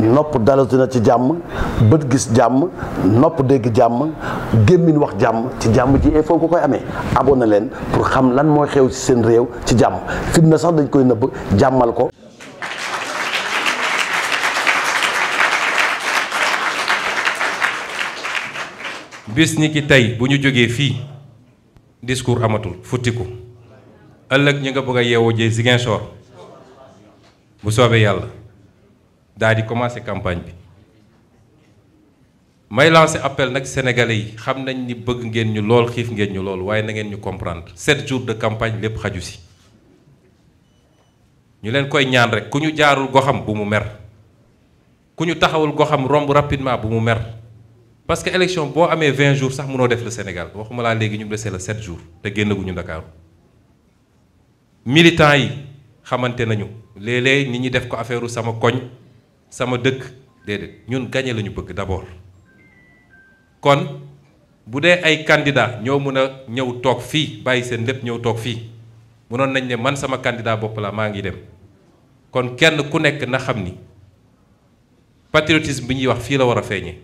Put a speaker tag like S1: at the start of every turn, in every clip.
S1: nopp dalatu na ci jàmm bët gis jàmm nopp dégg jàmm gémmiñ wax jàmm ci jàmm ji il faut nga koy amee abonné leen pour xam lan moo xew ci seen réew ci jàmm fitna sax dañ koy nëbb jàmmal ko
S2: bis ni ki tey bu ñu jógee fii discours amatul futtiku ëllëg ñu nga bëgg a yeewoo jee Ziguinchor bu soobee yàlla daal di commencé campagne bi may lancé appel nag sénégalais yi xam nañ ni bëgg ngeen ñu lool xiif ngeen ñu lool waaye na ngeen ñu comprendre sept jours de campagne lépp xaju si ñu leen koy ñaan rek ku ñu jaarul goxam bu mu mer ku ñu taxawul goxam romb rapidement bu mu mer parce que élection boo amee vingt jours sax mënoo def le Sénégal waxuma laa léegi ñu ngi dese la sept jours te génnaguñu Ndakaaru militants yi xamante nañu léeg-léeg nit ñi def ko affaire sama koñ. sama dëkk déedéet ñun gagné la ñu bëgg d'abord kon bu dee ay candidat ñoo mën a ñëw toog fii bàyyi seen lépp ñëw toog fii mënoon nañ ne man sama candidat bopp maa ngi dem kon kenn ku nekk na xam ni patriotisme bi ñuy wax fii la war a feeñee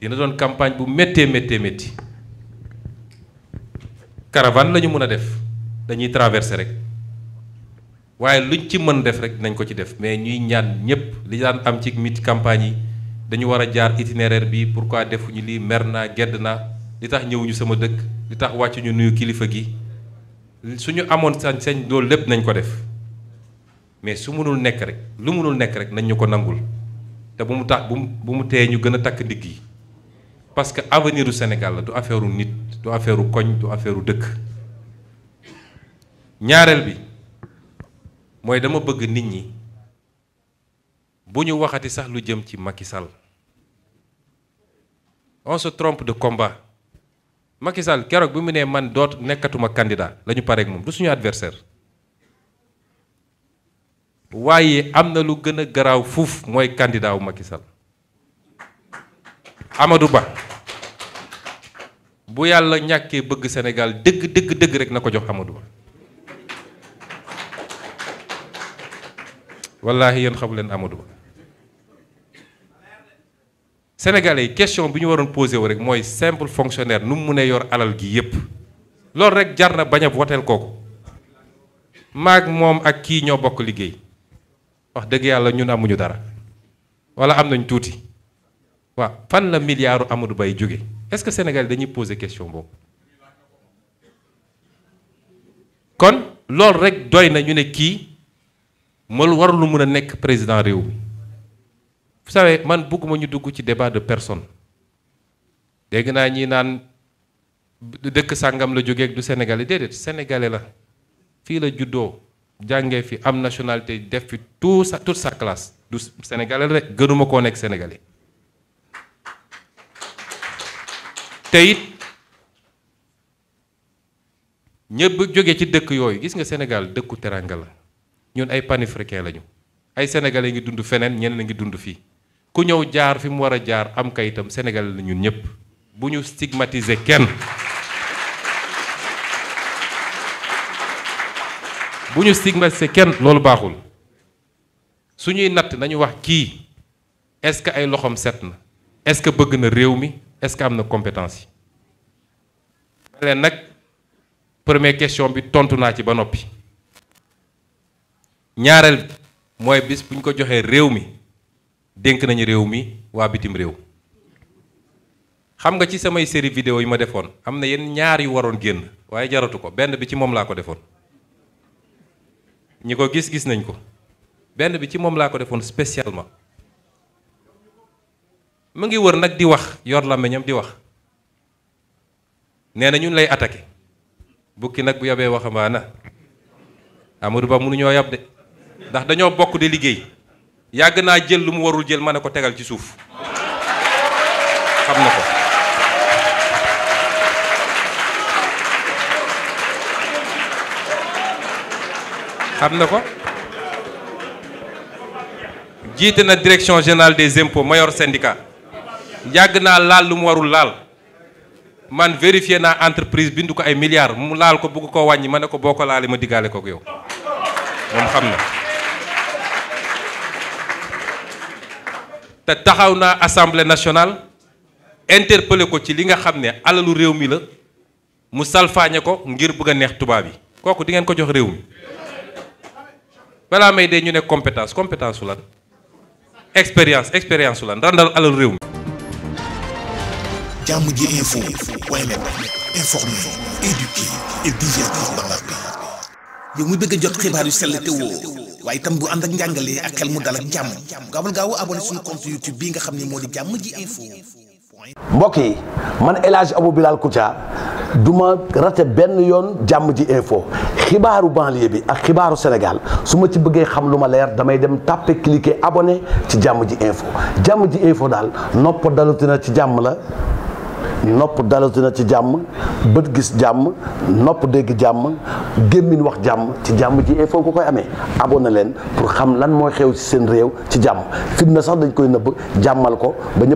S2: dina doon campagne bu méttee méttee métti caravane lañu ñu mën a def dañuy traverser rek. waaye lu luñ ci mën def rek nañ ko ci def mais ñuy ñaan ñëpp li daan am ci mit campagne yi dañu war a jaar itinéraire bi pourquoi defuñu lii mer naa gedd naa li tax ñëwuñu sama dëkk li tax wàccuñu nuyu kilifa gi suñu amoon sañ-sañ loolu lépp nañ ko def mais su mënul nekk rek lu mënul nekk rek nañ ñu ko nangul te bu mu tax bu mu bu mu tee ñu gën a takk ndigg yi parce que avenir u Sénégal la du affaire nit du affaire koñ du affaire dëkk ñaareel bi. mooy dama bëgg nit ñi bu ñu waxati sax lu jëm ci makisal Sall on trompe de combat makisal keroog bi mu nee man doot nekkatuma kàndidaa la ñu pareeg moom du suñu adversaire waaye am na lu gën a garaaw fuuf mooy candidat makisal Macky Ba bu yàlla ñàkkee bëgg senegal dëgg dëgg dëgg rek na ko jox Amadou Ba wallaahi yéen xamu leen Amadou Ba sénégalais question bi ñu waroon posé wu rek mooy simple fonctionnaire nu mu mënee yor alal gi yépp loolu rek jar na bañ a woteel kooku maak moom ak kii ñoo bokk liggéey wax dëgg yàlla ñun amuñu dara wala am nañ tuuti waaw fan la milliardu Amadou Ba yi jóge est-ce que sénégalais dañuy poser question boobu kon loolu rek doy na ñu ne kii. ma lu mën a nekk président réew mi vous man bëgguma ñu dugg ci débat de personne dégg naa ñi naan dëkk sàngam la jógee ak du sénégalais déedéet sénégalais la fii la juddoo jàngee fi am nationalité def fi tout sa toute sa classe du sénégalais la rek gënuma koo nekk sénégalais te it ñëpp jógee ci dëkk yooyu gis nga senegal dëkku teranga la ñun ay panafricain lañu ay sénégalais ngi dund feneen ñeneen a ngi dund fii ku ñëw jaar fi mu war a jaar am kayitam sénégalais la ñun ñëpp bu ñu stigmatiser kenn. bu ñu stigmatiser kenn loolu baaxul su ñuy natt nañu wax kii est-ce que ay loxoom set na est-ce que bëgg na réew mi est am na compétence yi. leen nag premier question bi tontu naa ci ba noppi. ñaareel bi mooy bis bu ñu ko joxee réew mi dénk nañu réew mi waa bitim réew xam nga ci samay série vidéo yi ma defoon am na yenn ñaar yu waroon génn waaye jaratu ko benn bi ci moom laa ko defoon ñi ko gis gis nañ ko benn bi ci moom laa ko defoon spécialement mu ngi wër nag di wax yor làmmiñam di wax nee na ñun lay attake bukki nag bu yabee waxambaana Amadou Ba mënuñoo yab de ndax dañoo bokk di liggéey yàgg naa jël lu mu warul jël ma ne ko tegal ci suuf xam na ko xam na ko jiite na direction générale des impôts mayor syndicat yàgg naa laal lu mu warul laal man vérifié naa entreprise bindu ko ay milliards mu laal ko bugg ko wàññi ma ne ko boo ko laalee ma digaale ko yow moom xam na te taxaw naa assemblée nationale interpellé ko ci li nga xam ne alalu réew mi la mu salfaañe ko ngir bëgg a neex tubaab yi kooku di ngeen ko jox réew mi balaa may dee ñu ne compétence compétence su la expérience expérience la lan randal alalu réew mi.
S1: jàmm ji yow mu bëgg a jot xibaar yu sell waaye itam bu ànd ak njàngalee ak xel mu dal ak jàmm gaawal gaaw abonné xam ne moo di jàmm ji info. mbokk yi man El Hadj Abou Bilal Koutia du ma rate benn yoon jàmm ji info xibaaru banlieue bi ak xibaaru Sénégal su ma ci bëggee xam lu ma leer damay dem tàppe cliquer abonné ci jàmm ji info jàmm ji info daal nopp dalutina ci jàmm la. nopp dalatu na ci jàmm bët gis jàmm nopp dégg jàmm gémmiñ wax jàmm ci jàmm ji e foog ko koy amee abonné leen pour xam lan mooy xew ci seen réew ci jàmm fitna sax dañ koy nëbb jàmmal ko ba ñëpp